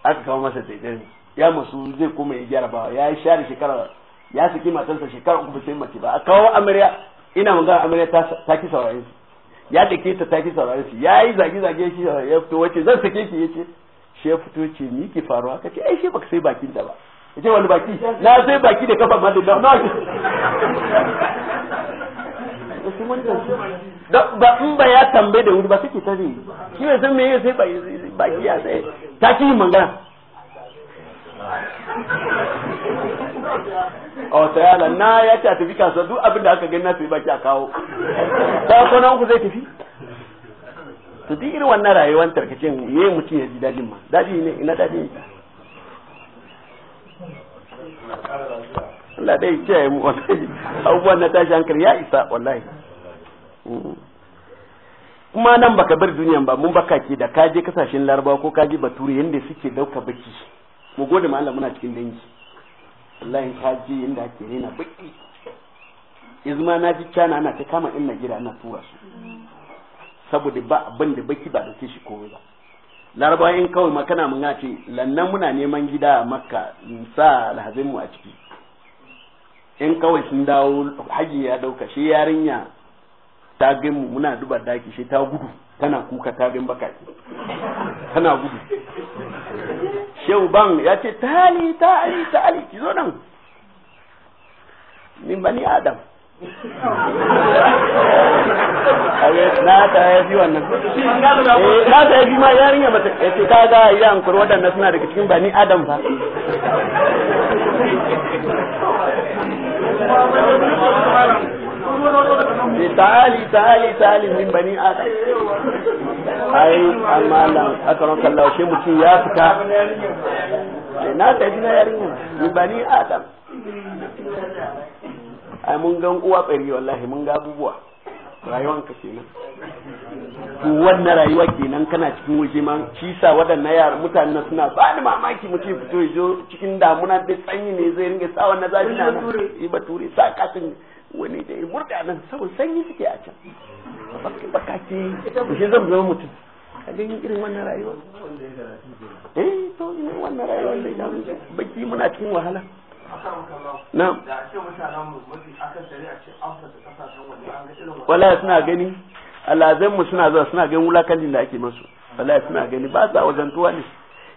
aka kawo masa daidai ya masu zai kuma ya gyara ba ya share shekara ya saki matarsa shekara uku sai mace ba a kawo amarya ina magana amarya ta ki saurayin su ya dake ta ta ki saurayin su ya yi zage zage shi ya fito wace zan sake ki yace shi ya fito ce ni ki faruwa kace ai shi baka sai bakin da ba yace wani baki na sai baki da kafa ma da na ba in ba ya tambaye da wuri ba suke ta shi ne san me ya sai baki ya sai ta ki magana a oh, wata yana na ya ce a tafi kasuwa duk abin da aka gani na tafi baki a kawo ta kwana ku zai tafi to duk irin wannan rayuwar tarkacin me mutum ya ji dadin ma dadi ne ina dadi ne Allah dai kiyaye mu wallahi abubuwan na tashi hankali ya isa wallahi mm. kuma nan baka bar duniyan ba mun baka ke da kaje kasashen laraba ko kaje bature yanda suke dauka baki mu gode ma Allah muna cikin dangi wallahi ka je inda ake rena baki izma na ji cana ana ta kama na gida ana tura su saboda ba abin da baki ba ke shi komai ba Laraba in kawai makana mun ce lannan muna neman gida a makka sa alhazin mu a ciki in kawai sun dawo haji ya dauka shi yarinya ta mu muna duba daki shi ta gudu tana kuka ta gan baka tana gudu shehu ya ce tali tali tali ki zo nan min bani adam na ta ya fi wannan eh, na ta ya fi ma yarin ya mata, ya ce ta eh, ga ya an kuro waɗanda suna daga cikin bani adam ba. Thank you. تعالي تعالي تعالي من بني آدم أي أما لم أكرمك الله شيء مكي يا فتا na tafi من بني آدم أي من ai قوة بري والله من wallahi قوة ga abubuwa rayuwan ka kenan to wannan rayuwa kenan kana cikin waje ma shi sa waɗannan yara mutanen suna ba ni mamaki mutum fito ya cikin damuna da tsanyi ne zai ringa sa wannan zafi na nan ba ture sa kasin wani da ya murda nan saboda sanyi suke a can bakake shi zan zama mutum a ganin irin wannan rayuwa eh to ne wannan rayuwa da ya mu baki muna cikin wahala na wala suna gani alazan mu suna zuwa suna ganin wulakancin da ake masu wala suna gani ba sa wajen tuwa ne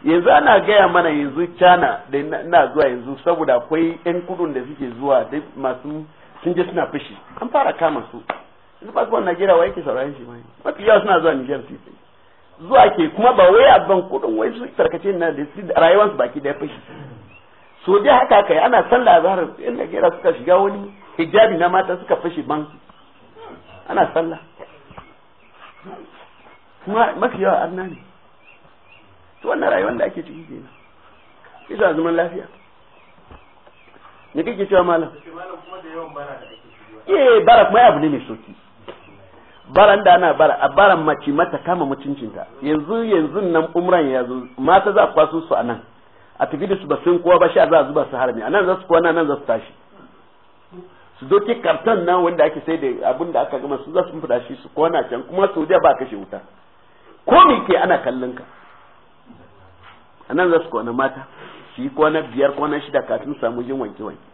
yanzu ana gaya mana yanzu cana da na zuwa yanzu saboda akwai yan kudin da suke zuwa masu sun je suna fushi an fara kama su yanzu ba wani Najeriya wa yake sauraron shi mai mafi yawa suna zuwa Nijar su zuwa ke kuma ba wai abin kudin wai su tarkace na da su rayuwarsu baki da fushi so dai haka kai ana sallah azhar yan Najeriya suka shiga wani hijabi na mata suka fushi ban ana sallah kuma mafi yawa arna ne to wannan rayuwar da ake ciki kenan isa zaman lafiya me kike cewa malam eh bara kuma abu ne mai soki baran da ana bara a baran mace mata kama mutuncinta yanzu yanzu nan umran ya zo mata za a kwaso su a nan a tafi da su ba sun kowa ba sha za a zuba su harami a nan za su kowa nan za su tashi su doke karton nan wanda ake sai da abin da aka gama su za su fada shi su na can kuma saudiya ba kashe wuta ko me ke ana kallon ka a nan za su na mata su yi na biyar na shida kafin samu jin wanke-wanke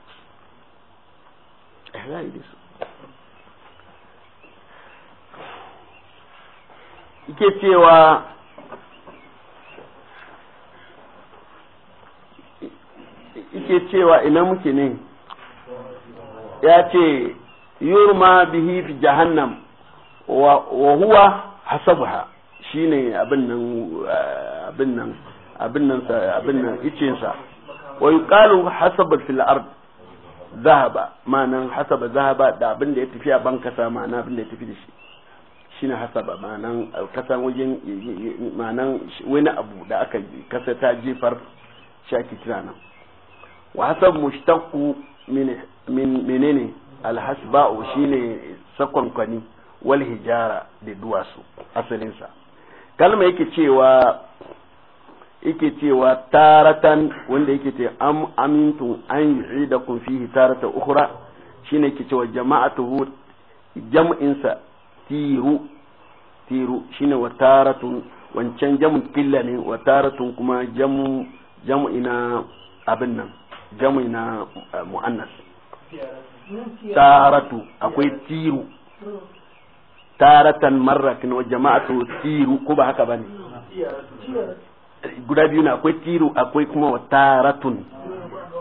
ihlali da su yake ke cewa ina muke ne ya ce yurma bihi fi jahannam wa huwa hasabha shine abin nan abin nan abin nan abin nan sa wa yuqalu hasabat fil ard zahaba ma'anan hasaba zahaba da abin da ya tafi a ban kasa ma'ana abin da ya tafi da shi na hasaba ma'anan kasan wajen ma'anan wani abu da aka kasa ta jefar shi ake nan wa hasab mushtaqu min menene alhasba'u shine sakonkwani wal hijara da duwatsu asalinsa kalma yake cewa yake cewa taratan wanda yake ce am amintu an yi da kun fihi tarata ukhra shine yake cewa jama'atuhu sa tiru tiru shine wa taratun wancan jam'in killa ne wa taratun kuma jam'u jam'i na abin nan jam'i na eh, mu'annas taratu akwai tiru taratan marratin wa jama'atu tiru ko ba haka bane guda biyu na akwai tiro akwai kuma wataratun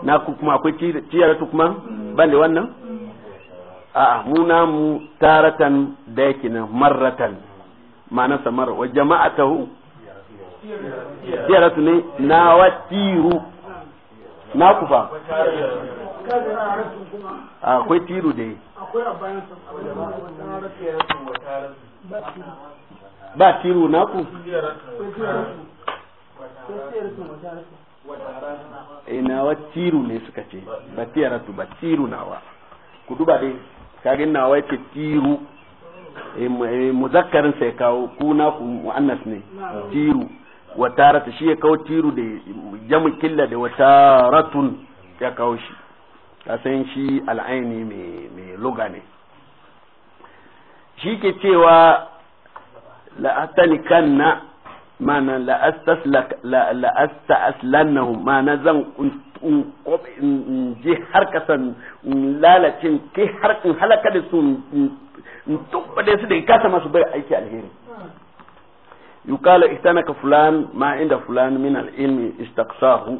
na kuma akwai tiyaratu kuma ban da wannan a mu taratan da yake na marratan ma'ana samar wa jama'a jama'atahu tiyaratu ne na wa tiro na kufa akwai tiro da ba na ku. ina wa tiru ne suka ce ba tiyaratu ba tiru nawa ku duba dai kagin nawa yake tiru eh, eh, muzakkarin sai kawo kuna ku mu'annas ne tiru wa tarata shi ya kawo tiru da jamu killa da wa taratun ya kawo shi kasan shi al'aini mai luga ne shi ke cewa la'atani kan na ma'ana la'asta aslannahum ma'ana zan in ji har kasan lalacin kai har in halaka da su in tubbade su da kasa masu bai aiki alheri yukala ihtanaka fulan ma inda fulan min al-ilmi istaqsahu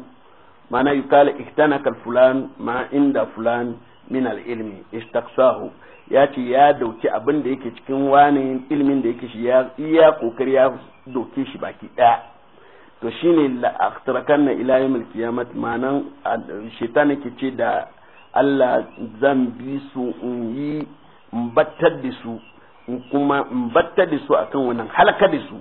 ma'ana yukala ihtanaka fulan ma inda fulan min al-ilmi istaqsahu ya ce ya dauki abin da yake cikin wani ilimin da yake shi ya iya kokari ya doke shi baki ɗaya to shine la na ila yawmil qiyamah manan shaitan ke ce da Allah zan bi su in yi battar da su in kuma in battar da su akan wannan halaka da su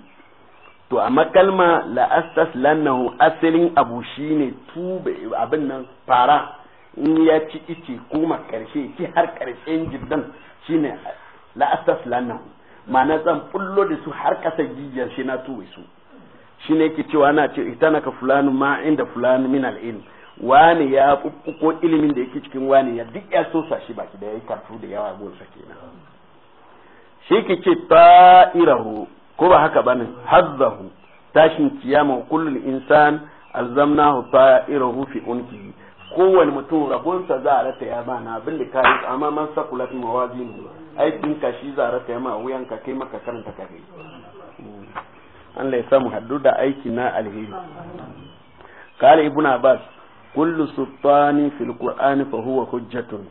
to a makalma la'astas astaslannahu asalin abu shine tuba abin nan fara in ya ci ice kuma karshe ki har karshen jiddan shine la la'astas lannan ma'ana zan fullo da su har kasa jijiyar shi na tuwe su shi ne ke cewa na ce ita naka ka fulani ma inda fulani min al'in wani ya ko ilimin da yake cikin wani ya duk ya so shi baki da ya yi karfu da yawa gonsa kenan shi ke ce ta'irahu ko ba haka bane hazzahu tashin kiyama kullum insan alzamnahu ta'irahu fi unkihi kowane mutum rabonsa za a rata ya bana abin da kayi amma man sakulat mawazin aikin ka shi za a rata ya ma wuyan ka kai maka karanta kare Allah ya samu haddu da aiki na alheri kale ibn abbas kullu sultani fil qur'an fa huwa hujjatun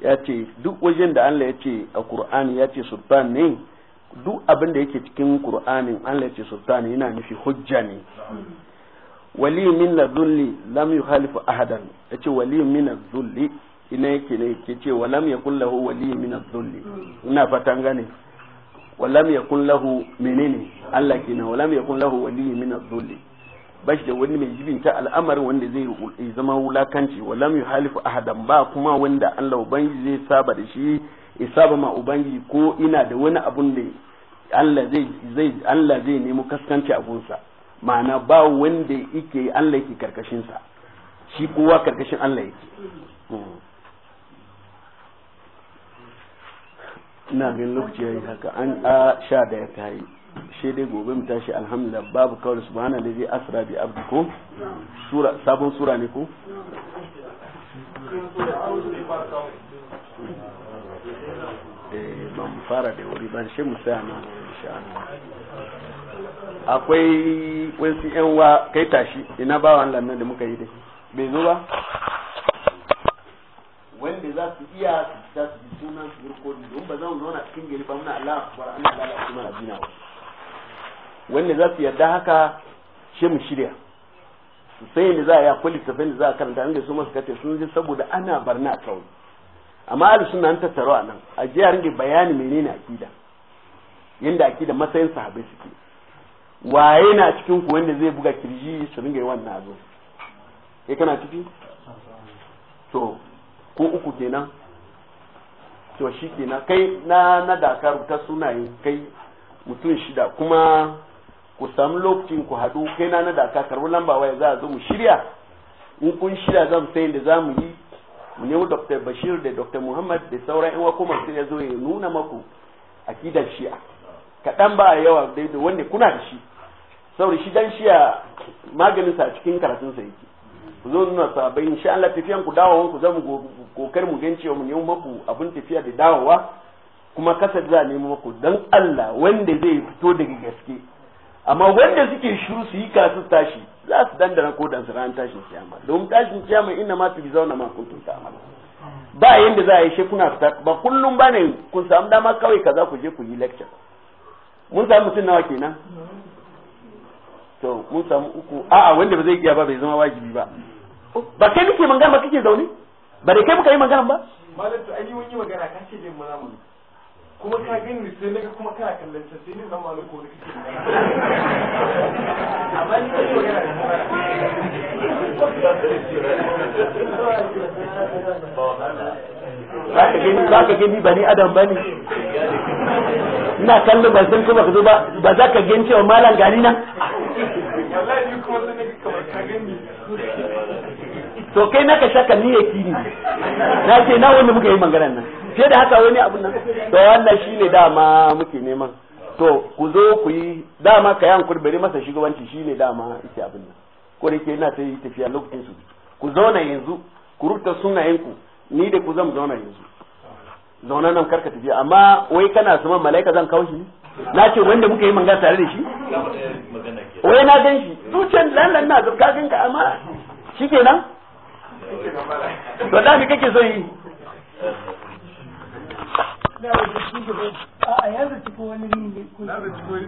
yace duk wajen da Allah yace a qur'ani yace sultan ne duk abin da yake cikin qur'anin Allah yace sultani yana nufi hujja ne wali min na zulli lam yu halifu ahadan ya ce wali min na zulli ina yake ne ke ce walam ya kun lahu wali min na zulli ina fatan gane walam ya kun lahu menene Allah kenan walam ya kun lahu wali min na zulli bashi da wani mai jibinta al'amarin wanda zai zama wulakanci walam yu halifu ahadan ba kuma wanda Allah ubangiji zai saba da shi isaba ma ubangiji ko ina da wani abun da Allah zai Allah zai nemo kaskanci abunsa ma'ana ba wanda yake Allah yake karkashin sa shi kowa karkashin Allah yake ina ganin lokaci yayi haka an a sha da ya tayi shi dai gobe mu tashi alhamdulillah babu kawai subhana da zai asra bi abdu ko sura sabon sura ne ko eh ban fara da wuri ban shi mu sai na insha Allah akwai wasu yan wa kai tashi ina ba wannan nan da muka yi dai bai zo ba wanda za su iya su ta su ji sunan su yurko ni don ba zan zauna cikin gari ba muna Allah da ana lalace mana dina ba wanda za su yarda haka she mu shirya sai ne za a yi akwai littafin da za a karanta inda su masu kace sun ji saboda ana barna a kawai amma ahli sunna an taro a nan a jiya ringe bayani menene akida yanda akida matsayin sahabbai suke waye na cikin ku wanda zai buga kirji su ringa yawan nazo eh kana ciki to ko uku kenan to shi kenan kai na na dakar ta sunaye kai mutum shida kuma ku samu lokacin ku haɗu kai na na dakar karbi lamba waya za a zo mu shirya in kun shirya zan sai da za mu yi mu nemo dr bashir da dr muhammad da sauran yan kuma sai ya zo ya nuna maku akidar shi'a kaɗan ba a yawa daidai wanda kuna da shi saboda shi dan shiya maganin sa cikin karatun sa yake ku zo nuna sabai insha Allah tafiyan ku dawo ku zamu kokar mu gance cewa mu nemi maku abin tafiya da dawowa kuma kasar za nemo ku dan Allah wanda zai fito daga gaske amma wanda suke shiru su yi kasu tashi za su dandana ko dan ran tashin kiyama don tashin kiyama inna ma tu zauna ma kuntum ta'mal ba yanda za a yi shekuna fita ba kullum ba ne kun samu dama kawai kaza ku je ku yi lecture mun samu mutum nawa kenan to mun samu uku a'a wanda ba zai iya ba bai zama wajibi ba ba kai nake magana ba kike zaune ba da kai muka yi magana ba malam to ai wani magana ka ce jin mun mun kuma ka gani sai naga kuma kana kallon ta sai ni zan malam ko da kake amma ni kai magana ba za ka gani ba ni adam ba ne ina kallon ba sun kuma ka zo ba ba za ka gani cewa malam gani na to kai naka shaka ni ya kini na ce na wanda muka yi maganar nan fiye da haka wani abun nan to wannan shine dama muke neman to ku zo ku yi dama ka yan kurbere masa shugabanci shine dama yake abin nan ko da yake ina ta yi tafiya lokacin su ku zauna yanzu ku rubuta sunayen ku ni da ku zan zauna yanzu zauna nan karka tafi amma wai kana zama malaika zan kawo shi na ce wanda muka yi manga tare da shi wai na gan shi tucen lallan na zurga ganka amma shi kenan to da kake so yi a yanzu cikin wani